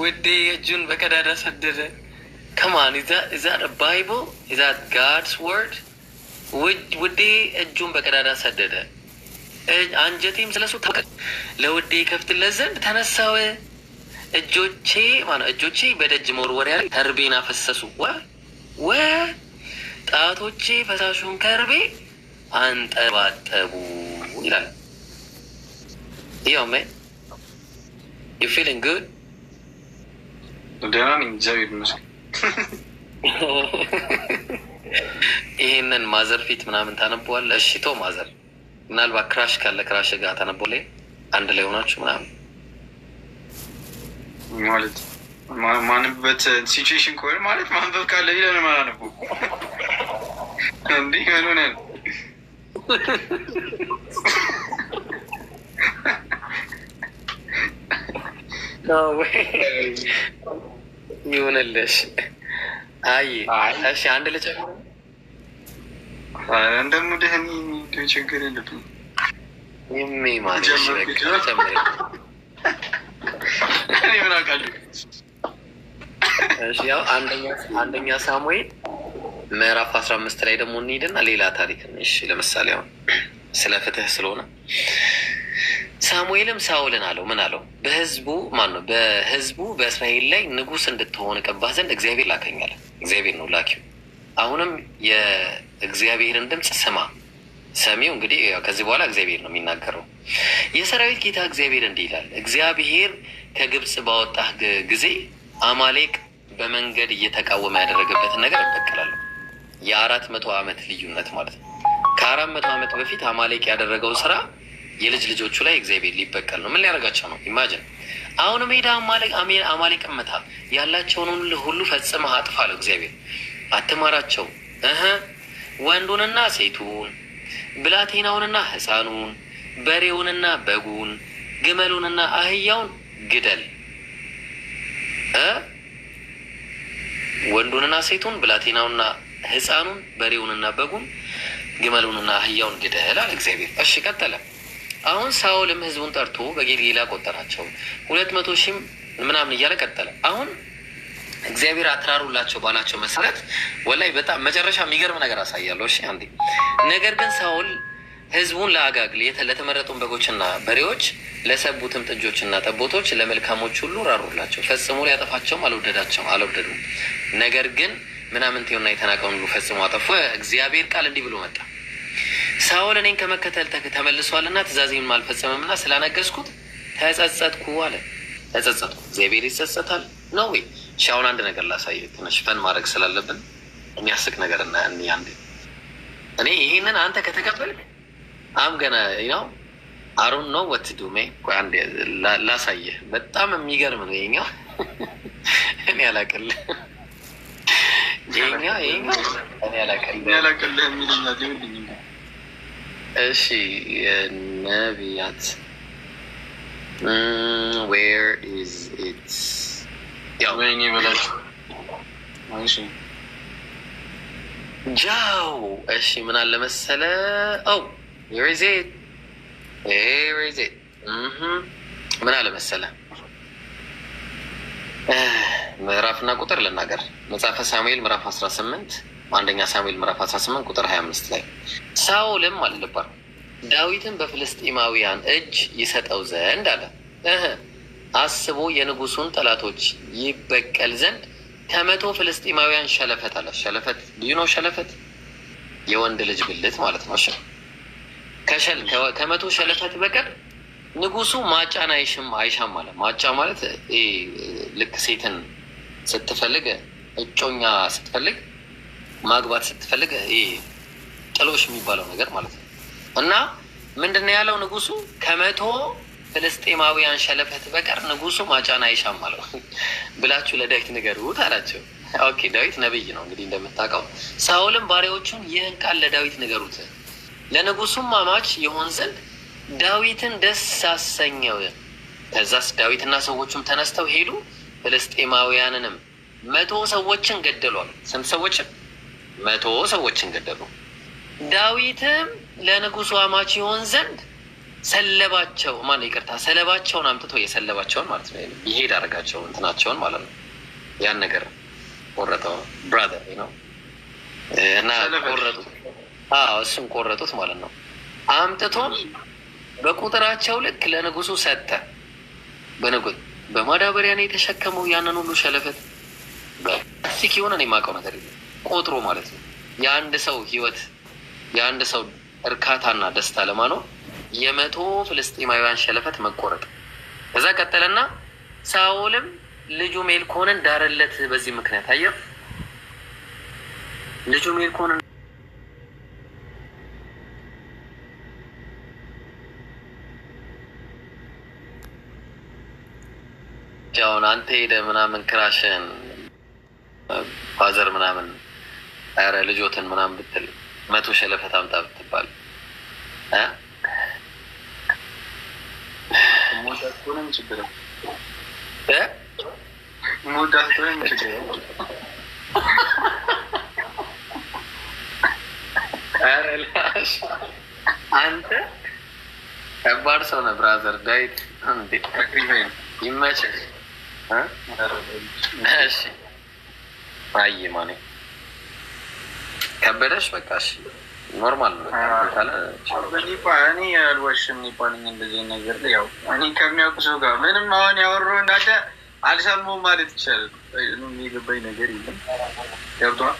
ውዴ እጁን በቀዳዳ ሰደደ። ከማን ዛ ባይብል ዛ ጋድስ ወርድ። ውዴ እጁን በቀዳዳ ሰደደ። አንጀቴም ስለሱ ለውዴ ከፍትለት ዘንድ ተነሳው። እጆቼ ማነው እጆቼ በደጅ መወርወሪያ ላይ ተርቤን አፈሰሱ። ወ ወ ጣቶቼ ፈሳሹን ከርቤ አንጠባጠቡ ይላል ያው ዩ ፊሊንግ ጉድ? ደህና ነኝ እግዚአብሔር ይመስገን። ይህንን ማዘር ፊት ምናምን ታነበዋለህ? እሺ ማዘር ምናልባት ክራሽ ካለ ክራሽ ጋር ታነበ አንድ ላይ ሆናችሁ ምናምን ማለት ማንበት ሲቹዌሽን ከሆነ ማለት ማንበብ ካለ ይለን ማናነቡ እንዲህ ሆነ ይሁንልሽ። አይ እሺ፣ አንድ ልጅ እንደምድህን ችግር የለብኝም። አንደኛ ሳሙኤል ምዕራፍ አስራ አምስት ላይ ደግሞ እንሂድና ሌላ ታሪክ ለምሳሌ አሁን ስለ ፍትህ ስለሆነ ሳሙኤልም ሳውልን አለው ምን አለው? በህዝቡ ማን ነው? በህዝቡ በእስራኤል ላይ ንጉስ እንድትሆን ቀባህ ዘንድ እግዚአብሔር ላከኛለ። እግዚአብሔር ነው ላኪው። አሁንም የእግዚአብሔርን ድምፅ ስማ። ሰሚው እንግዲህ ከዚህ በኋላ እግዚአብሔር ነው የሚናገረው። የሰራዊት ጌታ እግዚአብሔር እንዲህ ይላል፣ እግዚአብሔር ከግብፅ ባወጣህ ጊዜ አማሌቅ በመንገድ እየተቃወመ ያደረገበትን ነገር እበቅላለሁ የአራት መቶ ዓመት ልዩነት ማለት ነው። ከአራት መቶ ዓመት በፊት አማሌቅ ያደረገው ስራ የልጅ ልጆቹ ላይ እግዚአብሔር ሊበቀል ነው። ምን ሊያደርጋቸው ነው? ኢማጅን አሁንም ሄዳ አማሌቅ ቀምተሃል፣ ያላቸውን ሁሉ ሁሉ ፈጽመ አጥፋ አጥፋለሁ። እግዚአብሔር አትማራቸው እህ ወንዱንና ሴቱን ብላቴናውንና ህፃኑን በሬውንና በጉን ግመሉንና አህያውን ግደል። ወንዱንና ሴቱን ብላቴናውንና ህፃኑን በሬውንና በጉን ግመሉንና አህያውን ግደል አለ እግዚአብሔር። እሺ ቀጠለ። አሁን ሳውልም ህዝቡን ጠርቶ በጌልጌላ ቆጠራቸው ሁለት መቶ ሺህም ምናምን እያለ ቀጠለ። አሁን እግዚአብሔር አትራሩላቸው ባላቸው መሰረት ወላይ በጣም መጨረሻ የሚገርም ነገር አሳያለሁ። እሺ አንዴ ነገር ግን ሳውል ህዝቡን ለአጋግል ለተመረጡን በጎችና በሬዎች፣ ለሰቡትም ጥጆችና ጠቦቶች፣ ለመልካሞች ሁሉ ራሩላቸው። ፈጽሞ ሊያጠፋቸውም አልወደዳቸውም አልወደዱም። ነገር ግን ምናምንቴውና የተናቀውን ሁሉ ፈጽሞ አጠፉ። እግዚአብሔር ቃል እንዲህ ብሎ መጣ። ሳውል እኔን ከመከተል ተመልሷልና ትእዛዜን አልፈጸመምና ስላነገስኩት ተጸጸጥኩ አለ። ተጸጸጥኩ እግዚአብሔር ይጸጸታል ነው ወይ? ሻውን አንድ ነገር ላሳየ ትንሽ ፈን ማድረግ ስላለብን የሚያስቅ ነገር እና አንድ እኔ ይህንን አንተ ከተቀበልክ አም ገና ነው አሩን ነው ወትዱሜ አንድ ላሳየ በጣም የሚገርም ነው ይኛው እኔ አላቅል ይሄኛው ይሄኛው እኔ አላቅል እሺ የነቢያት ዌር ኢዝ ኢት ወይኔ ጃው። እሺ ምን አለ መሰለ ው ምን አለ መሰለ ምዕራፍና ቁጥር ልናገር መጽሐፈ ሳሙኤል ምዕራፍ አስራ ስምንት አንደኛ ሳሙኤል ምዕራፍ 18 ቁጥር 25 ላይ ሳውልም አልነበር ዳዊትን በፍልስጢማውያን እጅ ይሰጠው ዘንድ አለ አስቦ የንጉሱን ጠላቶች ይበቀል ዘንድ ከመቶ ፍልስጢማውያን ሸለፈት አለ። ሸለፈት ልዩ ነው። ሸለፈት የወንድ ልጅ ብልት ማለት ነው። ከመቶ ሸለፈት በቀር ንጉሱ ማጫን አይሽም አይሻም አለ። ማጫ ማለት ልክ ሴትን ስትፈልግ እጮኛ ስትፈልግ ማግባት ስትፈልግ ይሄ ጥሎሽ የሚባለው ነገር ማለት ነው። እና ምንድነው ያለው ንጉሱ ከመቶ ፍልስጤማውያን ሸለፈት በቀር ንጉሱ ማጫን አይሻም አለው። ብላችሁ ለዳዊት ንገሩት አላቸው። ኦኬ ዳዊት ነብይ ነው እንግዲህ እንደምታውቀው። ሳውልም ባሪያዎቹን ይህን ቃል ለዳዊት ንገሩት፣ ለንጉሱም አማች የሆን ዘንድ ዳዊትን ደስ አሰኘው። ከዛስ ዳዊትና ሰዎቹም ተነስተው ሄዱ፣ ፍልስጤማውያንንም መቶ ሰዎችን ገደሏል። ስንት ሰዎችን መቶ ሰዎችን ገደሉ። ዳዊትም ለንጉሱ አማች ይሆን ዘንድ ሰለባቸው ማን ይቅርታ፣ ሰለባቸውን አምጥቶ የሰለባቸውን ማለት ነው ይሄድ አደረጋቸው እንትናቸውን ማለት ነው። ያን ነገር ቆረጠው ብራዘር ነው እና ቆረጡ። አዎ እሱም ቆረጡት ማለት ነው። አምጥቶ በቁጥራቸው ልክ ለንጉሱ ሰጠ። በንጉ በማዳበሪያ ነው የተሸከመው ያንን ሁሉ ሸለፈት ሲክ የሆነ ነው የማውቀው ነገር ቆጥሮ ማለት ነው። የአንድ ሰው ህይወት የአንድ ሰው እርካታና ደስታ ለማ የመቶ ፍልስጤማውያን ሸለፈት መቆረጥ። ከዛ ቀጠለና ሳውልም ልጁ ሜልኮንን ዳረለት። በዚህ ምክንያት አየው ልጁ ሜልኮንን ያውን አንተ ሄደ ምናምን ክራሽን ፋዘር ምናምን ኧረ ልጆትን ምናምን ብትል መቶ ሸለፈት አምጣ ብትባል አንተ ከባድ ሰው ነህ ብራዘር። ዳዊት ይመችህ። እሺ አይ ማን ከበደሽ በቃ ኖርማል እኔ አልዋሽም የሚባለኝ እንደዚህ ነገር ያው እኔ ከሚያውቁ ሰው ጋር ምንም አሁን ያወሩ እንዳለ አልሰሙም ማለት ይቻላል። የሚገባኝ ነገር የለም ገብቷል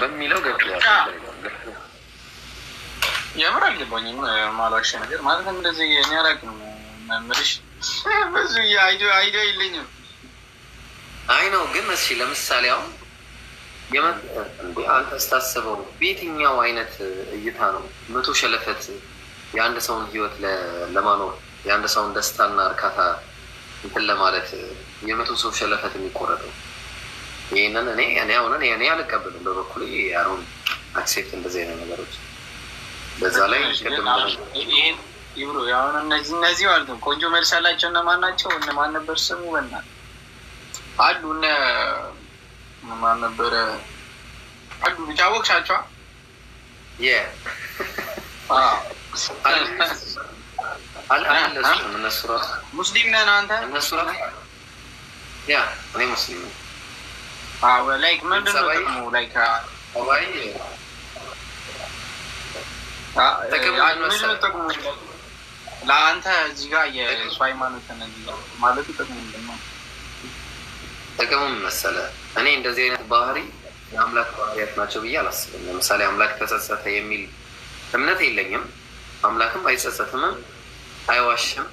በሚለው ገብቷል። የምር አልገባኝም ነገር ማለት እንደዚህ እኔ አላውቅም። መምርሽ ብዙ አይዲያ የለኝም አይ ነው ግን እሺ፣ ለምሳሌ አሁን አንተ ስታስበው በየትኛው አይነት እይታ ነው መቶ ሸለፈት የአንድ ሰውን ህይወት ለማኖር የአንድ ሰውን ደስታና እርካታ እንትን ለማለት የመቶ ሰው ሸለፈት የሚቆረጠው? ይህንን እኔ እኔ አሁን እኔ አልቀበልም በበኩል አሁን አክሴፕት እንደዚህ አይነት ነገሮች በዛ ላይ ይህ ይብሎ ሁን እነዚህ እነዚህ ማለት ነው ቆንጆ መልስ ያላቸው እነማን ናቸው? እነማን ነበር ስሙ በናል አሉ እነ ማን ነበረ አሉ ብቻ ሙስሊም አንተ? እኔ ሙስሊም ላይክ ምንድን ነው ጥቅሙ? ለአንተ እዚህ ጋር ማለት ጥቅሙ ምንድን ነው? ጥቅሙም መሰለ እኔ እንደዚህ አይነት ባህሪ የአምላክ ባህሪያት ናቸው ብዬ አላስብም። ለምሳሌ አምላክ ተጸጸተ የሚል እምነት የለኝም። አምላክም አይጸጸትምም፣ አይዋሽም።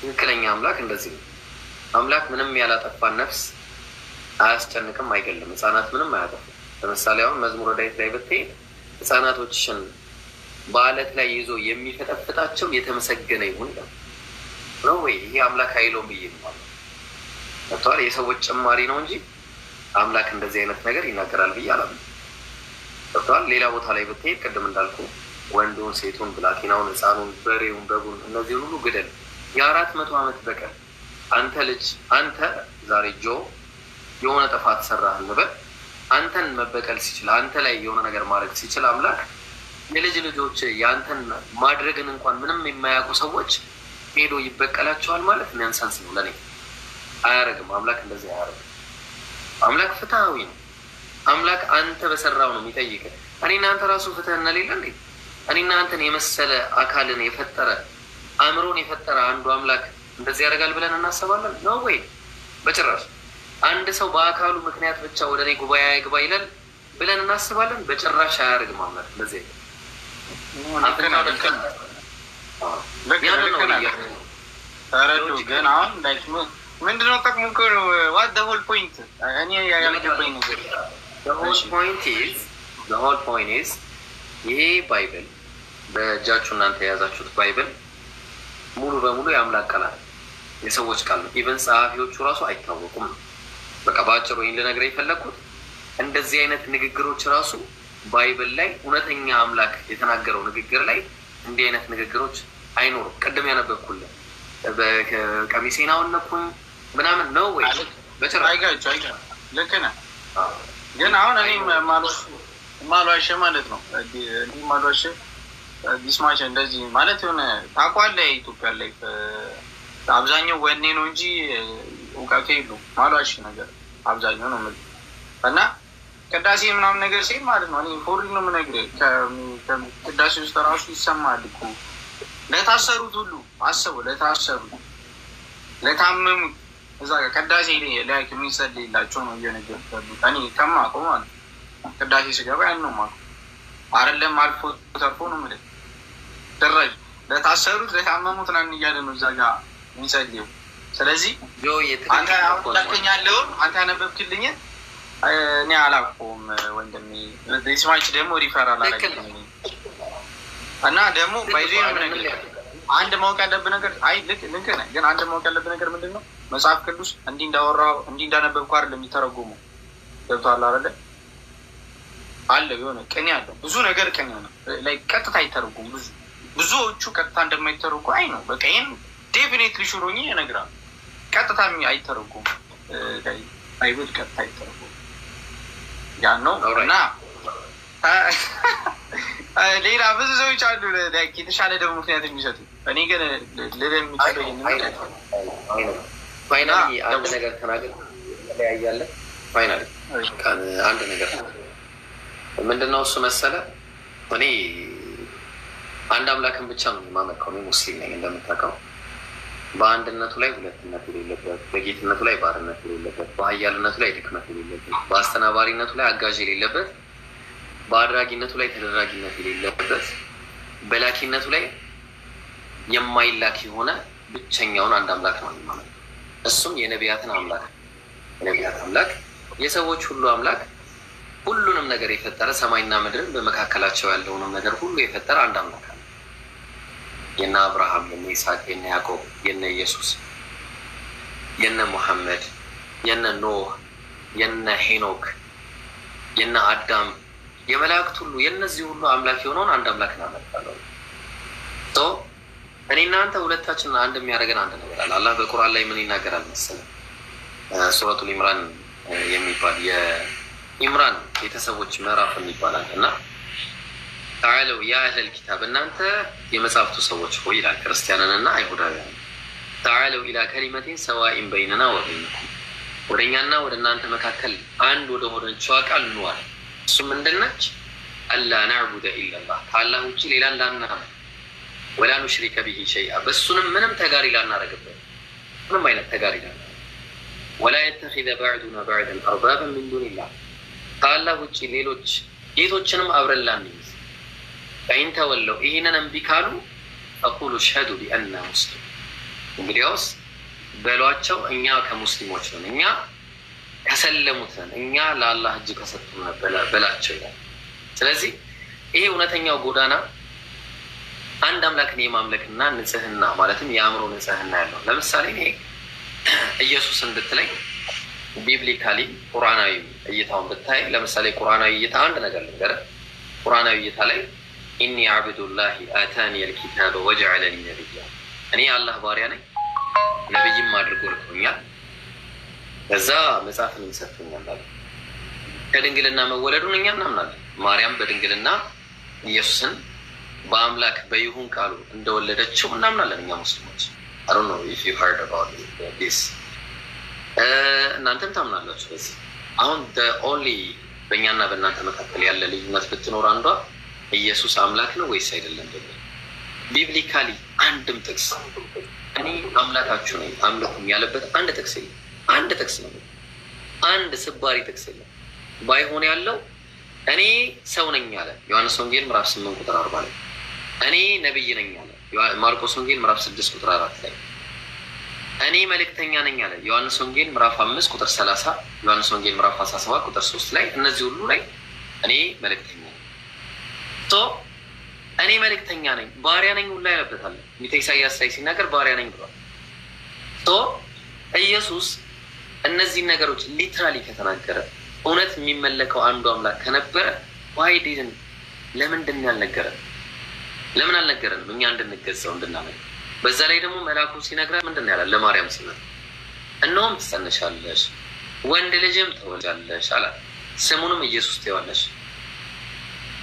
ትክክለኛ አምላክ እንደዚህ ነው። አምላክ ምንም ያላጠፋን ነፍስ አያስጨንቅም፣ አይገልም። ህጻናት ምንም አያጠፉ። ለምሳሌ አሁን መዝሙረ ዳዊት ላይ ብትሄድ ህጻናቶችን በአለት ላይ ይዞ የሚፈጠፍጣቸው የተመሰገነ ይሁን ነው ወይ? ይሄ አምላክ አይለውም ብዬ ነው መጥተዋል። የሰዎች ጭማሪ ነው እንጂ አምላክ እንደዚህ አይነት ነገር ይናገራል ብዬ አላም ገብተዋል። ሌላ ቦታ ላይ ብትሄድ ቅድም እንዳልኩ ወንዱን፣ ሴቱን፣ ብላቴናውን፣ ህፃኑን፣ በሬውን፣ በጉን እነዚህን ሁሉ ግደል። የአራት መቶ ዓመት በቀል አንተ ልጅ አንተ ዛሬ ጆ የሆነ ጥፋት ሰራህ እንበል አንተን መበቀል ሲችል አንተ ላይ የሆነ ነገር ማድረግ ሲችል አምላክ የልጅ ልጆች የአንተን ማድረግን እንኳን ምንም የማያውቁ ሰዎች ሄዶ ይበቀላቸዋል ማለት ነንሰንስ ነው ለኔ። አያረግም። አምላክ እንደዚህ አያረግም። አምላክ ፍትሐዊ ነው። አምላክ አንተ በሰራው ነው የሚጠይቅ። እኔ እናንተ ራሱ ፍትህ እናሌለ እንዴ? እኔ እናንተን የመሰለ አካልን የፈጠረ አእምሮን የፈጠረ አንዱ አምላክ እንደዚህ ያደርጋል ብለን እናስባለን? ነው ወይ? በጭራሽ። አንድ ሰው በአካሉ ምክንያት ብቻ ወደ እኔ ጉባኤ አይግባ ይላል ብለን እናስባለን? በጭራሽ አያደርግም። አምላክ እንደዚህ ግን አሁን ምንድነው ጥቅሙ? ዋት ሆል ፖይንት እኔ ያልገባኝ ነገር ሆል ፖይንት ኢዝ ይሄ ባይብል በእጃችሁ እናንተ የያዛችሁት ባይብል ሙሉ በሙሉ የአምላክ ቃል አይደል፣ የሰዎች ቃል ነው። ኢቨን ጸሐፊዎቹ ራሱ አይታወቁም ነው። በቃ በአጭሩ ይህን ልነግርህ የፈለግኩት እንደዚህ አይነት ንግግሮች ራሱ ባይብል ላይ እውነተኛ አምላክ የተናገረው ንግግር ላይ እንዲህ አይነት ንግግሮች አይኖሩም። ቅድም ያነበብኩልን ቀሚሴን አወለኩኝ ምናምን ነው ወይ? ልክ ነህ። ግን አሁን እኔ ማሏሸ ማለት ነው ማሏሸ ዲስማች እንደዚህ ማለት የሆነ ታውቃለህ፣ ኢትዮጵያ ላይ አብዛኛው ወኔ ነው እንጂ እውቀቱ የሉ ማሏሽ ነገር አብዛኛው ነው የምልህ እና ቅዳሴ ምናምን ነገር ሲል ማለት ነው እኔ ፎሪ ነው ምነግር ቅዳሴ ውስጥ ራሱ ይሰማል እኮ ለታሰሩት ሁሉ አስበው፣ ለታሰሩት ለታመሙት እዛ ጋር ቅዳሴ ላይ የሚጸልይላቸው ነው እየነገሩ እኔ ከማቆ ማለት ቅዳሴ ስገባ ያን ነው ማቆ አይደለም አልፎ ተርፎ ነው የምልህ ደረጅ ለታሰሩት ለታመሙት ናን እያለ ነው እዛ ጋ የሚጸልየው። ስለዚህ አንተ ሁለተኛ ያለውን አንተ ያነበብክልኝ እኔ አላቆም ወንድሜ። ስማች ደግሞ ሪፈራል አላ እና ደግሞ ባይዞ የምነግርህ አንድ ማወቅ ያለብህ ነገር አይ ልክ ልክ ነህ፣ ግን አንድ ማወቅ ያለብህ ነገር ምንድን ነው? መጽሐፍ ቅዱስ እንዲህ እንዳወራ እንዲህ እንዳነበብኩ አይደል የሚተረጎመው። ገብቶሃል አይደለ? አለ የሆነ ቅኔ አለ። ብዙ ነገር ቅኔ ነው፣ ላይ ቀጥታ አይተረጉም። ብዙ ብዙዎቹ ቀጥታ እንደማይተረጉ አይ ነው በቃ ይህን ዴፊኔትሊ ሹሮኝ እነግርሃለሁ። ቀጥታ አይተረጉም፣ አይብል ቀጥታ አይተረጉም። ያን ነው እና ሌላ ብዙ ሰዎች አሉ የተሻለ ደግሞ ምክንያት የሚሰጡ። እኔ ግን ልል አንድ ነገር ተናገር ተለያያለ። አንድ ነገር ምንድነው እሱ መሰለ እኔ አንድ አምላክን ብቻ ነው የማመልከው። እኔ ሙስሊም ነኝ እንደምታውቀው። በአንድነቱ ላይ ሁለትነት የሌለበት፣ በጌትነቱ ላይ ባርነት የሌለበት፣ በሀያልነቱ ላይ ድክመት የሌለበት፣ በአስተናባሪነቱ ላይ አጋዥ የሌለበት በአድራጊነቱ ላይ ተደራጊነት የሌለበት በላኪነቱ ላይ የማይላክ የሆነ ብቸኛውን አንድ አምላክ ነው ማለት እሱም የነቢያትን አምላክ የነቢያት አምላክ የሰዎች ሁሉ አምላክ ሁሉንም ነገር የፈጠረ ሰማይና ምድርን በመካከላቸው ያለውንም ነገር ሁሉ የፈጠረ አንድ አምላክ ነው። የነ አብርሃም፣ የነ ይስሐቅ፣ የነ ያዕቆብ፣ የነ ኢየሱስ፣ የነ ሙሐመድ፣ የነ ኖህ፣ የነ ሄኖክ፣ የነ አዳም የመላእክት ሁሉ የእነዚህ ሁሉ አምላክ የሆነውን አንድ አምላክ እናመልካለን። እኔ እናንተ ሁለታችን አንድ የሚያደርገን አንድ ነገር አለ። አላህ በቁርአን ላይ ምን ይናገራል መሰለህ? ሱረቱ ኢምራን የሚባል የኢምራን ቤተሰቦች ምዕራፍ የሚባላል እና ተዓለው ያ አህለል ኪታብ እናንተ የመጽሐፍቱ ሰዎች ሆይ ይላል ክርስቲያንን እና አይሁዳውያን ተዓለው ኢላ ከሊመቴን ሰዋኢን በይንና ወበይንኩም ወደ እኛና ወደ እናንተ መካከል አንድ ወደ ሆነችዋ ቃል እንዋል እሱ ምንድናች? አላ ናዕቡደ ኢላላህ ከአላህ ውጭ ሌላ እንዳናመልክ ወላ ኑሽሪከ ብሂ ሸይአ በእሱንም ምንም ተጋሪ ላናረግበት ምንም አይነት ተጋሪ ላናረግ ወላ የተኪዘ ባዕዱና ባዕደን አርባብን ምን ዱንላህ ከአላህ ውጭ ሌሎች ጌቶችንም አብረን ላንይዝ ፈኢን ተወለው ይህንን እምቢ ካሉ ፈቁሉ ሸዱ ቢአና ሙስሊም እንግዲያውስ በሏቸው እኛ ከሙስሊሞች ነን እኛ ከሰለሙትን እኛ ለአላህ እጅ ከሰጡ በላቸው ይላል። ስለዚህ ይሄ እውነተኛው ጎዳና አንድ አምላክን የማምለክና ንጽህና ማለትም የአእምሮ ንጽህና ያለው ለምሳሌ ይሄ ኢየሱስን ብትለኝ ቢብሊካሊ ቁርአናዊ እይታውን ብታይ ለምሳሌ ቁርአናዊ እይታ አንድ ነገር ልንገርህ። ቁርአናዊ እይታ ላይ ኢኒ አብዱላሂ አታኒ ልኪታበ ወጀዐለኒ ነቢያ እኔ አላህ ባሪያ ነኝ ነብይም አድርጎ ልኮኛል ከዛ መጽሐፍን ይሰጡኛል አለ። ከድንግልና መወለዱን እኛ እናምናለን። ማርያም በድንግልና ኢየሱስን በአምላክ በይሁን ቃሉ እንደወለደችው እናምናለን እኛ ሙስሊሞች። አይ ኢፍ ዩ አባውት ዲስ እናንተም ታምናላችሁ በዚህ። አሁን ኦንሊ በእኛና በእናንተ መካከል ያለ ልዩነት ብትኖር አንዷ ኢየሱስ አምላክ ነው ወይስ አይደለም ደግሞ ቢብሊካሊ አንድም ጥቅስ እኔ አምላካችሁ ነኝ አምልኩም ያለበት አንድ ጥቅስ የለም። አንድ ጥቅስ ነው፣ አንድ ስባሪ ጥቅስ የለም። ባይሆን ያለው እኔ ሰው ነኝ አለ ዮሐንስ ወንጌል ምዕራፍ ስምንት ቁጥር አርባ ላይ እኔ ነብይ ነኝ አለ ማርቆስ ወንጌል ምዕራፍ ስድስት ቁጥር አራት ላይ እኔ መልእክተኛ ነኝ አለ ዮሐንስ ወንጌል ምዕራፍ አምስት ቁጥር ሰላሳ ዮሐንስ ወንጌል ምዕራፍ አስራ ሰባት ቁጥር ሶስት ላይ እነዚህ ሁሉ ላይ እኔ መልእክተኛ ነኝ ሶ እኔ መልእክተኛ ነኝ ባሪያ ነኝ ሁላ ያለበታል። ሚተ ኢሳያስ ላይ ሲናገር ባሪያ ነኝ ብሏል ሶ ኢየሱስ እነዚህ ነገሮች ሊትራሊ ከተናገረ እውነት የሚመለከው አንዱ አምላክ ከነበረ ዋይ ዲድን ለምንድን ያልነገረን? ለምን አልነገረንም? እኛ እንድንገዛው እንድናመን። በዛ ላይ ደግሞ መልአኩ ሲነግራ ምንድን ያላል? ለማርያም ሲነ እነሆም ትጸንሻለሽ፣ ወንድ ልጅም ትወልጃለሽ አላት። ስሙንም ኢየሱስ ትይዋለሽ፣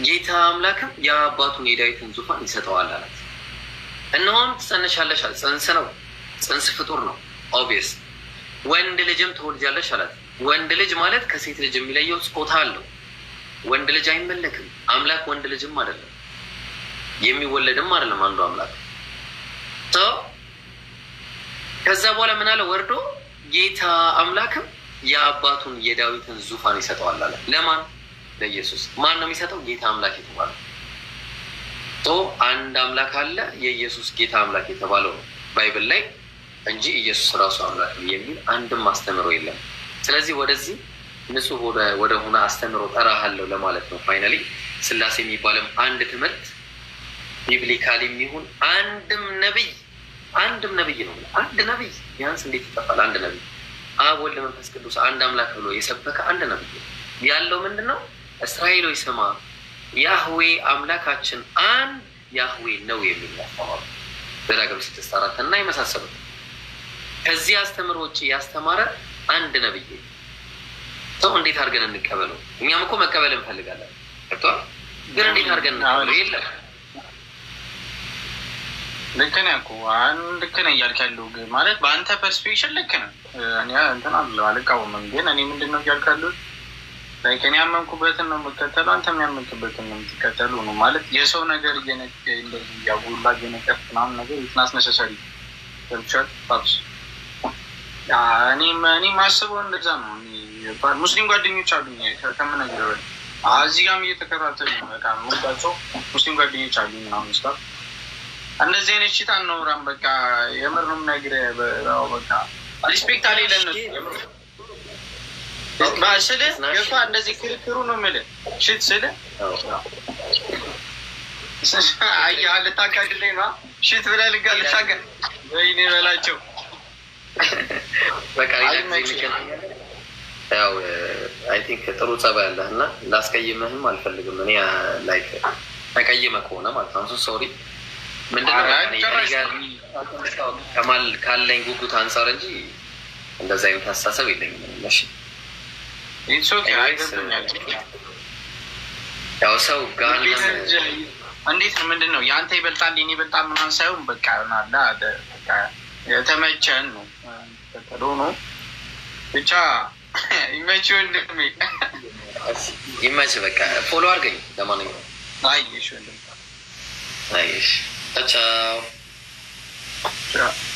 ጌታ አምላክም የአባቱን የዳዊትን ዙፋን ይሰጠዋል አላት። እነሆም ትጸንሻለሽ፣ ጽንስ ነው፣ ጽንስ ፍጡር ነው ኦብቪየስ ወንድ ልጅም ትወልጃለሽ አላት። ወንድ ልጅ ማለት ከሴት ልጅ የሚለየው ጾታ አለው። ወንድ ልጅ አይመለክም። አምላክ ወንድ ልጅም አይደለም፣ የሚወለድም አይደለም አንዱ አምላክ። ከዛ በኋላ ምን አለ ወርዶ ጌታ አምላክም የአባቱን የዳዊትን ዙፋን ይሰጠዋል አለ። ለማን? ለኢየሱስ። ማን ነው የሚሰጠው? ጌታ አምላክ የተባለ አንድ አምላክ አለ። የኢየሱስ ጌታ አምላክ የተባለው ነው ባይብል ላይ እንጂ ኢየሱስ ራሱ አምላክ የሚል አንድም አስተምሮ የለም። ስለዚህ ወደዚህ ንጹህ ሆነ አስተምሮ ጠራሃለሁ ለማለት ነው። ፋይናሊ ስላሴ የሚባልም አንድ ትምህርት ቢብሊካል የሚሆን አንድም ነብይ አንድም ነብይ ነው። አንድ ነብይ ቢያንስ እንዴት ይጠፋል? አንድ ነብይ አብ፣ ወልድ፣ መንፈስ ቅዱስ አንድ አምላክ ብሎ የሰበከ አንድ ነብይ ያለው ምንድን ነው? እስራኤል ስማ ያህዌ አምላካችን አንድ ያህዌ ነው የሚል ዘዳግም ስድስት አራት እና የመሳሰሉት ከዚህ አስተምሮ ውጭ ያስተማረ አንድ ነብይ ሰው እንዴት አድርገን እንቀበለው? እኛም እኮ መቀበል እንፈልጋለን፣ ገብቷል። ግን እንዴት አድርገን እንቀበለው? የለም ልክ ነህ እኮ ልክ ነህ እያልክ ያለው ማለት በአንተ ፐርስፔክሽን ልክ ነህ። እንትን አለ አልቃወምም፣ ግን እኔ ምንድን ነው እያልክ ያለው ላይክ እኔ ያመንኩበትን ነው የምከተሉ፣ አንተ የሚያመንክበትን ነው የምትከተሉ ነው ማለት የሰው ነገር እየነቀ እንደዚህ እየነቀፍ ምናምን ነገር ኢትናስ ነሰሰሪ ገብቻል ጣብስ እኔ ማስበው እንደዛ ነው። ሙስሊም ጓደኞች አሉኝ ከምን እዚህ ጋም እየተከታተሉ ነው። በቃ ወጣቸው ሙስሊም ጓደኞች አሉኝ ምናምን ስታፍ እንደዚህ አይነት ሽታ እናውራም። በቃ የምር ነው የምነግርህ። በቃ ሪስፔክት አለ ለነሱ ስልህ ገባ እንደዚህ ክርክሩ ነው ምል ሽት ስል አያ ልታጋድለኝ ነው ሽት ብለህ ልጋ ልታጋ ወይኔ በላቸው ያው አይ ቲንክ ጥሩ ጸባይ ያለህ እና ላስቀይምህም አልፈልግም። እኔ ላይ ተቀይመህ ከሆነ ማለት ነው ሶሪ ምንድነው ካለኝ ጉጉት አንጻር እንጂ እንደዚ አይነት አስተሳሰብ የለኝም። ያው ሰው ጋር እንዴት ምንድን ነው የአንተ ይበልጣል የኔ ይበልጣል ምናምን ሳይሆን በቃ ናለ የተመቸን ነው ፈቀዶ ነው ብቻ ይመች ወንድሜ ይመች። በቃ ፎሎ አድርገኝ። ለማንኛውም አየሽ ወንድም አየሽ። ቻው